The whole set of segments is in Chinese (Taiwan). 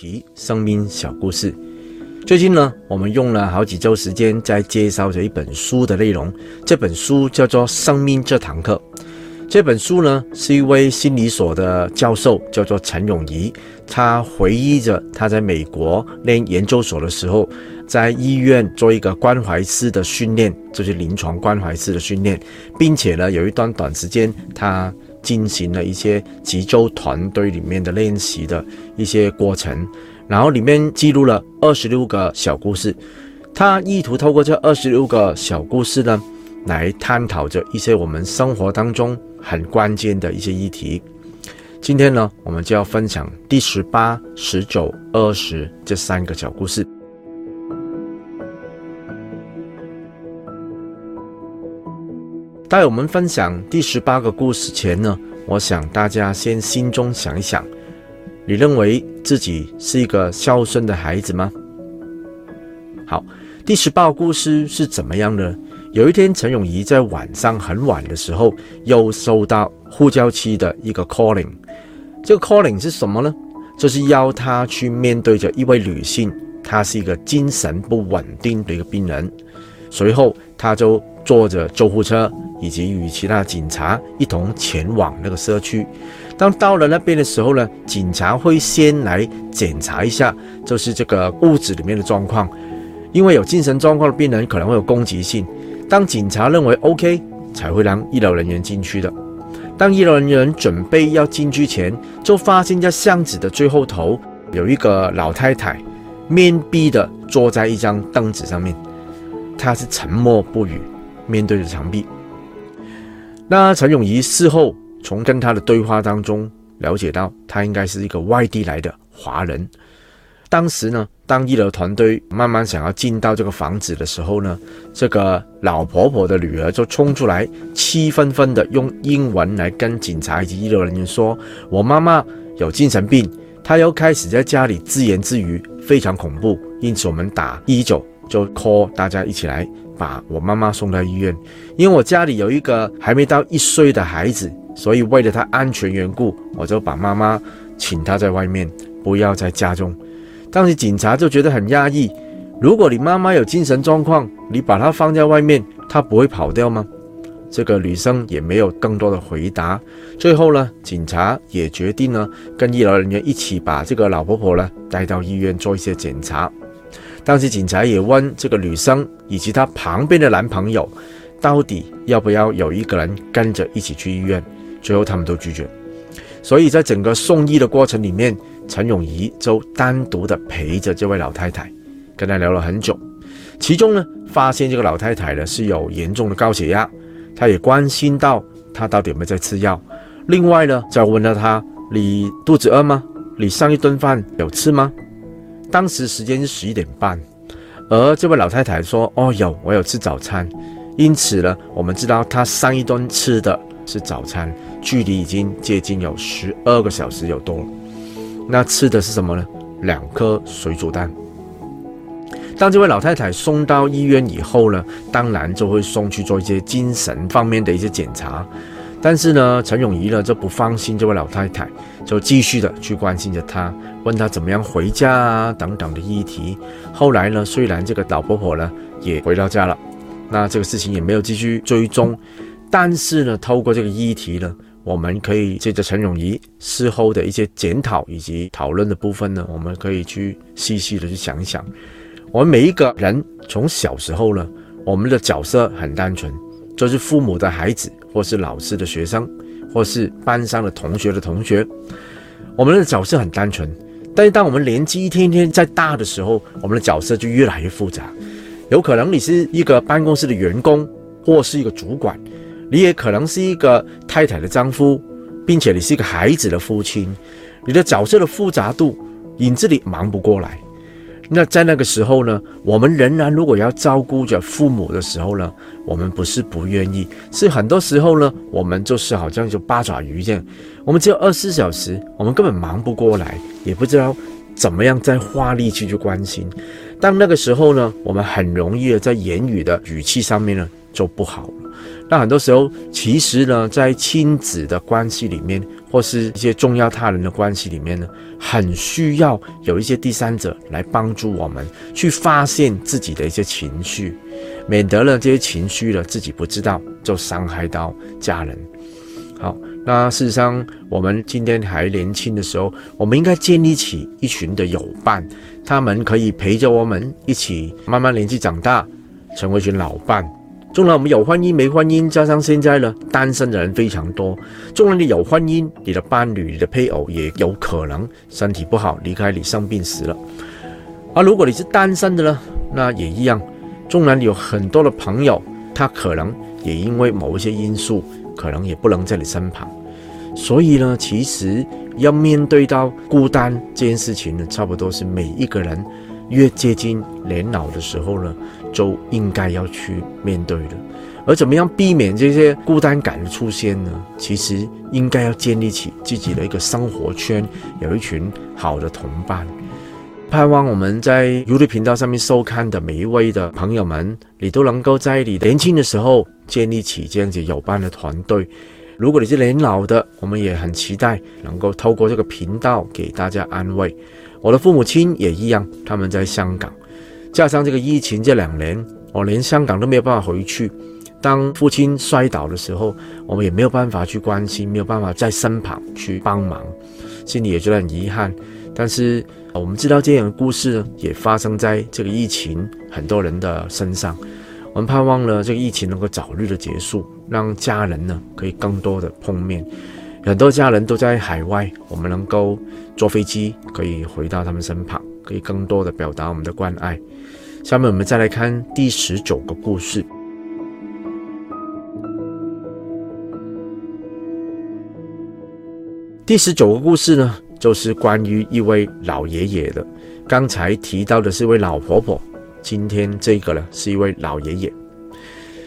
提生命小故事。最近呢，我們用了好幾週時間在介紹這一本書的內容。這本書叫做《生命這堂課》。這本書呢，是一位心理所的教授，叫做陳永儀。他回憶着他在美國念研究所的時候，在醫院做一個關懷師的訓練，就是臨床關懷師的訓練，並且呢，有一段短時間他，進行了一些集中團隊裡面的練習的一些過程，然後裡面記錄了二十六個小故事，他意圖透過這二十六個小故事呢，來探討着一些我們生活當中很關鍵的一些議題。今天呢，我們就要分享第十八、十九、二十這三個小故事。在我們分享第十八個故事前呢，我想大家先心中想一想，你認為自己是一個孝順的孩子嗎？好，第十八個故事是怎麼樣呢？有一天，陳永儀在晚上很晚的時候，又收到呼叫器的一個 calling。這個 calling 是什麼呢？就是要他去面對着一位女性，她是一個精神不穩定的一個病人。隨後，他就坐着救護車。以及與其他警察一同前往那個社區。當到了那邊的時候呢，警察會先來檢查一下，就是這個屋子裡面的狀況。因為有精神狀況的病人可能會有攻擊性。當警察認為 OK，才會讓醫療人員進去的。當醫療人員準備要進去前，就發現在巷子的最後頭有一個老太太，面壁的坐在一張凳子上面，她是沉默不語，面對着牆壁。那陳永儀事後從跟他的對話當中了解到，他應該是一個外地來的華人。當時呢，當醫療團隊慢慢想要進到這個房子的時候呢，這個老婆婆的女兒就衝出來，氣憤憤的用英文來跟警察以及醫療人員說：“我媽媽有精神病，她又開始在家裡自言自語，非常恐怖，因此我們打911就 call 大家一起來把我媽媽送到醫院，因為我家裡有一個還沒到一歲的孩子，所以為了他安全緣故，我就把媽媽請她在外面，不要在家中。當時警察就覺得很訝異，如果你媽媽有精神狀況，你把她放在外面，她不會跑掉嗎？這個女生也沒有更多的回答。最後呢，警察也決定呢，跟醫療人員一起把這個老婆婆呢，帶到醫院做一些檢查。當時警察也問這個女生以及她旁邊的男朋友，到底要不要有一個人跟着一起去醫院？最後他們都拒絕。所以在整個送醫的過程裡面，陳永儀就單獨的陪着這位老太太，跟她聊了很久。其中呢，發現這個老太太呢是有嚴重的高血壓，她也關心到她到底有沒有在吃藥。另外呢，再問了她：“你肚子餓嗎？你上一頓飯有吃嗎？”當時時間是十一點半，而這位老太太說：“哦，有我有吃早餐。”因此呢，我們知道她上一頓吃的是早餐，距離已經接近有十二個小時有多了。那吃的是什麼呢？兩顆水煮蛋。當這位老太太送到醫院以後呢，當然就會送去做一些精神方面的一些檢查。但是呢，陳永儀呢就不放心這位老太太，就繼續的去關心着她，問她怎麼樣回家啊等等的議題。後來呢，雖然這個老婆婆呢也回到家了，那這個事情也沒有繼續追蹤。但是呢，透過這個議題呢，我們可以借著陳永儀事後的一些檢討以及討論的部分呢，我們可以去細細的去想一想。我們每一個人從小時候呢，我們的角色很單純，就是父母的孩子。或是老師的學生，或是班上的同學的同學，我們的角色很單純。但是當我們年紀一天天在大的時候，我們的角色就越來越複雜。有可能你是一個辦公室的員工，或是一個主管，你也可能是一個太太的丈夫，並且你是一個孩子的父親。你的角色的複雜度，引致你忙不過來。那在那個時候呢，我們仍然如果要照顧着父母的時候呢，我們不是不願意，是很多時候呢，我們就是好像就八爪魚這樣，我們只有二十四小時，我們根本忙不過來，也不知道怎麼樣再花力氣去關心。當那個時候呢，我們很容易的在言語的語氣上面呢，就不好。那很多時候，其實呢，在親子的關係裡面，或是一些重要他人的關係裡面呢，很需要有一些第三者來幫助我們去發現自己的一些情緒，免得了這些情緒了，自己不知道，就傷害到家人。好，那事實上，我們今天還年輕的時候，我們應該建立起一群的友伴，他們可以陪着我們一起慢慢年紀長大，成為一群老伴。縱然我們有婚姻沒婚姻，加上現在呢，單身的人非常多。縱然你有婚姻，你的伴侶、你的配偶也有可能身體不好，離開你，生病死了。而、啊、如果你是單身的呢，那也一樣。縱然你有很多的朋友，他可能也因為某一些因素，可能也不能在你身旁。所以呢，其實要面對到孤單這件事情呢，差不多是每一個人越接近年老的時候呢。就應該要去面對的，而怎麼樣避免這些孤單感的出現呢？其實應該要建立起自己的一個生活圈，有一群好的同伴。盼望我們在 YouTube 頻道上面收看的每一位的朋友們，你都能夠在你年輕的時候建立起這樣子有伴的團隊。如果你是年老的，我們也很期待能夠透過這個頻道給大家安慰。我的父母親也一樣，他們在香港。加上這個疫情這兩年，我連香港都沒有辦法回去。當父親摔倒的時候，我們也沒有辦法去關心，沒有辦法在身旁去幫忙，心裡也覺得很遺憾。但是我們知道這樣的故事呢，也發生在這個疫情很多人的身上。我們盼望呢，這個疫情能夠早日的結束，讓家人呢可以更多的碰面。很多家人都在海外，我們能夠坐飛機可以回到他們身旁，可以更多的表達我們的關愛。下面我們再來看第十九個故事。第十九個故事呢，就是關於一位老爺爺的。剛才提到的是一位老婆婆，今天這個呢是一位老爺爺。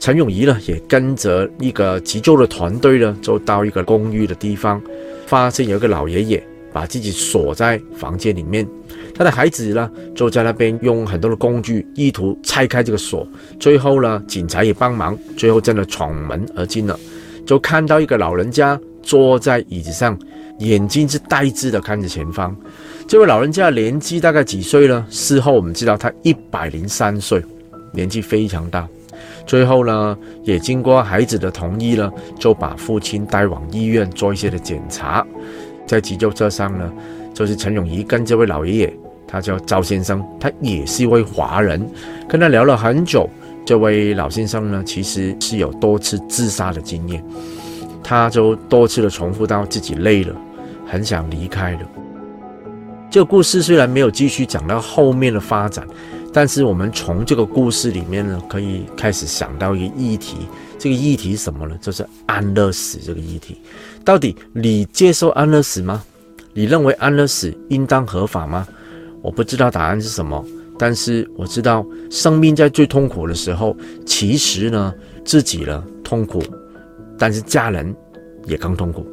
陳永儀呢，也跟着一個急救的團隊呢，就到一個公寓的地方，發現有一個老爺爺。把自己鎖在房間裡面，他的孩子呢就在那邊用很多的工具意圖拆開這個鎖，最後呢警察也幫忙，最後真的闖門而進了，就看到一個老人家坐在椅子上，眼睛是呆滯的看着前方。這位老人家年紀大概幾歲呢？事後我們知道他一百零三歲，年紀非常大。最後呢也經過孩子的同意呢，就把父親帶往醫院做一些的檢查。在急救車上呢，就是陳永儀跟這位老爺爺，他叫趙先生，他也是一位華人，跟他聊了很久。這位老先生呢，其實是有多次自殺的經驗，他就多次的重複到自己累了，很想離開了。這個故事雖然沒有繼續講到後面的發展，但是我們從這個故事裡面呢，可以開始想到一個議題，這個議題是什麼呢？就是安樂死這個議題。到底你接受安樂死嗎？你認為安樂死應當合法嗎？我不知道答案是什麼，但是我知道，生命在最痛苦的時候，其實呢，自己呢痛苦，但是家人也更痛苦。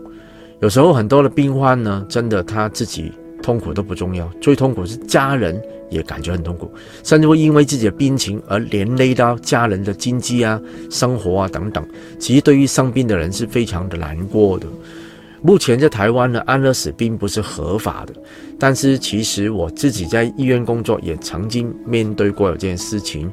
有時候很多的病患呢，真的他自己痛苦都不重要，最痛苦是家人。也感覺很痛苦，甚至會因為自己的病情而連累到家人的經濟啊、生活啊等等。其實對於生病的人是非常的難過的。目前在台灣呢，安樂死並不是合法的。但是其實我自己在醫院工作也曾經面對過有這件事情，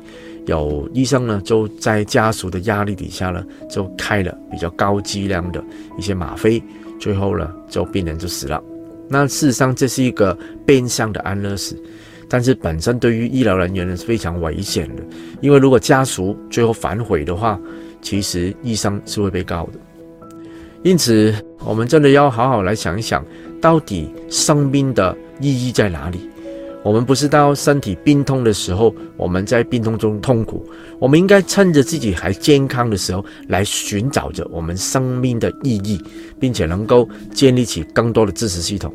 有醫生呢就在家屬的壓力底下呢，就開了比較高劑量的一些嗎啡，最後呢就病人就死了。那事實上這是一個變相的安樂死。但是本身對於醫療人員是非常危險的，因為如果家屬最後反悔的話，其實醫生是會被告的。因此，我們真的要好好來想一想，到底生命的意義在哪裡？我們不是到身體病痛的時候，我們在病痛中痛苦，我們應該趁着自己還健康的時候，來尋找着我們生命的意義，並且能夠建立起更多的支持系統。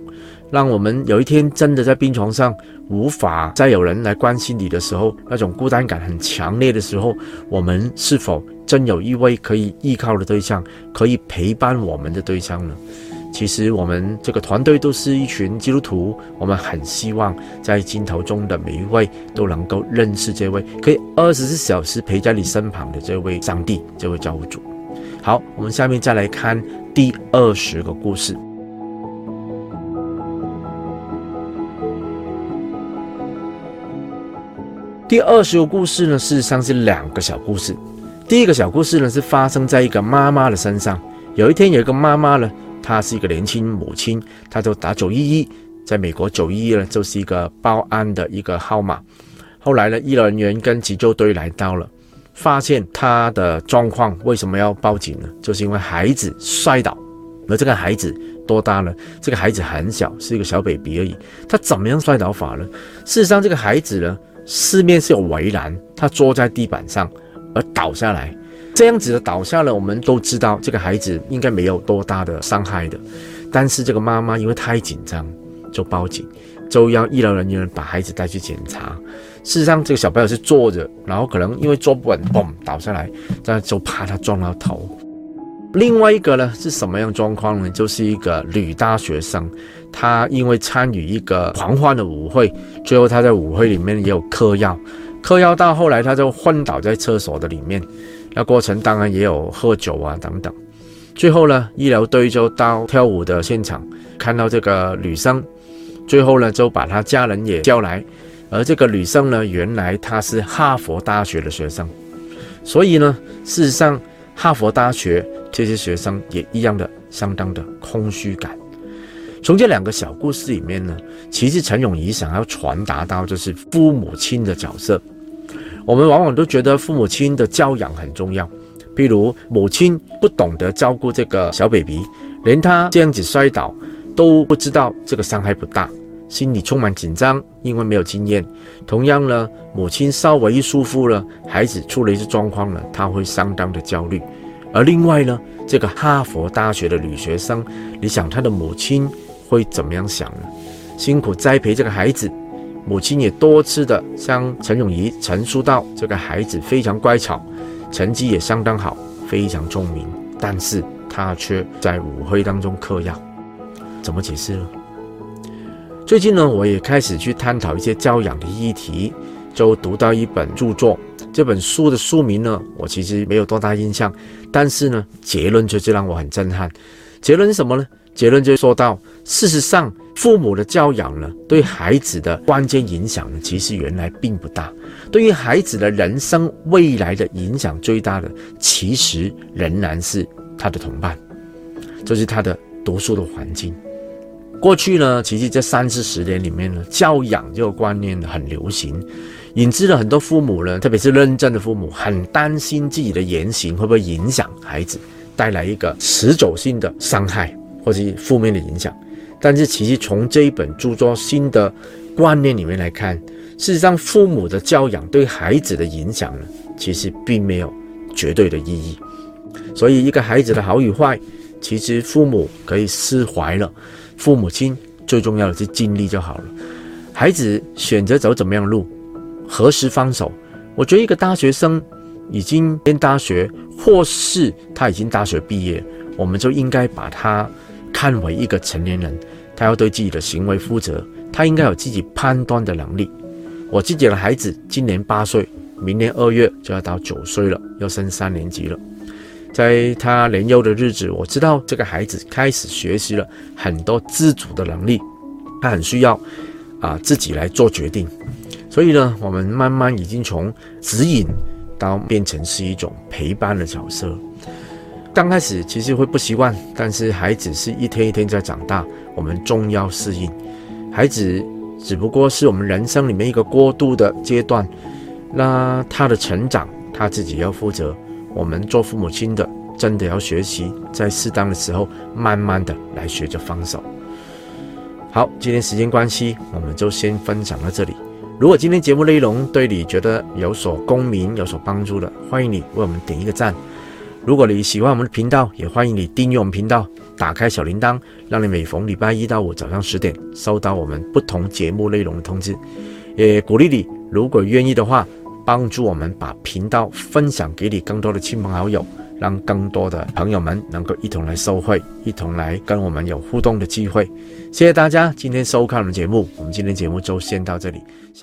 讓我們有一天真的在病床上無法再有人來關心你的時候，那種孤單感很強烈的時候，我們是否真有一位可以依靠的對象，可以陪伴我們的對象呢？其實我們這個團隊都是一群基督徒，我們很希望在鏡頭中的每一位都能夠認識這位可以二十四小時陪在你身旁的這位上帝，這位救主。好，我們下面再來看第二十個故事。第二十個故事呢，事實上是兩個小故事。第一個小故事呢，是發生在一個媽媽的身上。有一天，有一個媽媽呢，她是一個年輕母親，她就打九一一，在美國九一一呢，就是一個報案的一個號碼。後來呢，醫療人員跟急救隊來到了，發現她的狀況。為什麼要報警呢？就是因為孩子摔倒，而這個孩子多大呢？這個孩子很小，是一個小 baby 而已。她怎麼樣摔倒法呢？事實上，這個孩子呢，四面是有圍欄，他坐在地板上，而倒下來，這樣子的倒下來，我們都知道這個孩子應該沒有多大的傷害的。但是這個媽媽因為太緊張，就報警，就要醫療人員把孩子帶去檢查。事實上，這個小朋友是坐着，然後可能因為坐不穩，嘣倒下來，這樣就怕他撞到頭。另外一個呢是什麼樣狀況呢？就是一個女大學生，她因為參與一個狂歡的舞會，最後她在舞會裡面也有嗑藥，嗑藥到後來她就昏倒在廁所的裡面。那過程當然也有喝酒啊等等。最後呢，醫療隊就到跳舞的現場，看到這個女生，最後呢就把她家人也叫來。而這個女生呢，原來她是哈佛大學的學生，所以呢，事實上。哈佛大學這些學生也一樣的相當的空虛感。從這兩個小故事裡面呢，其實陳永儀想要傳達到就是父母親的角色。我們往往都覺得父母親的教養很重要，譬如母親不懂得照顧這個小 baby，連他這樣子摔倒都不知道這個傷害不大。心裡充滿緊張，因為沒有經驗。同樣呢，母親稍微一疏忽了，孩子出了一些狀況呢，他會相當的焦慮。而另外呢，這個哈佛大學的女學生，你想她的母親會怎麼樣想呢？辛苦栽培這個孩子，母親也多次的向陳永儀陳述道，這個孩子非常乖巧，成績也相當好，非常聰明，但是她卻在舞會當中嗑藥。怎麼解釋呢？最近呢，我也開始去探討一些教養的議題，就讀到一本著作。這本書的書名呢，我其實沒有多大印象，但是呢，結論卻就讓我很震撼。結論是什麼呢？結論就說到，事實上，父母的教養呢，對孩子的關鍵影響呢，其實原來並不大。對於孩子的人生未來的影響最大的，其實仍然是他的同伴，就是他的讀書的環境。過去呢，其實這三四十年裡面呢，教養這個觀念很流行，引致了很多父母呢，特別是認真的父母，很擔心自己的言行會不會影響孩子，帶來一個持久性的傷害或是負面的影響。但是其實從這一本著作新的觀念裡面來看，事實上父母的教養對孩子的影響呢，其實並沒有絕對的意義。所以一個孩子的好與壞，其實父母可以釋懷了。父母親最重要的是盡力就好了。孩子選擇走怎麼樣路，何時放手？我覺得一個大學生已經念大學，或是他已經大學畢業，我們就應該把他看為一個成年人，他要對自己的行為負責，他應該有自己判斷的能力。我自己的孩子今年八歲，明年二月就要到九歲了，要升三年級了。在他年幼的日子，我知道這個孩子開始學習了很多自主的能力，他很需要啊自己來做決定，所以呢，我們慢慢已經從指引到變成是一種陪伴的角色。剛開始其實會不習慣，但是孩子是一天一天在長大，我們終要適應。孩子只不過是我們人生裡面一個過渡的階段，那他的成長，他自己要負責。我們做父母親的，真的要學習，在適當的時候，慢慢的來學着放手。好，今天時間關係，我們就先分享到這裡。如果今天節目內容對你覺得有所共鳴、有所幫助的，歡迎你為我們點一個讚。如果你喜歡我們的頻道，也歡迎你訂閱我們頻道，打開小鈴鐺，讓你每逢禮拜一到五早上十點收到我們不同節目內容的通知。也鼓勵你，如果願意的話，幫助我們把頻道分享給你更多的親朋好友，讓更多的朋友們能夠一同來受惠，一同來跟我們有互動的機會。謝謝大家今天收看我們節目，我們今天節目就先到這裡，下。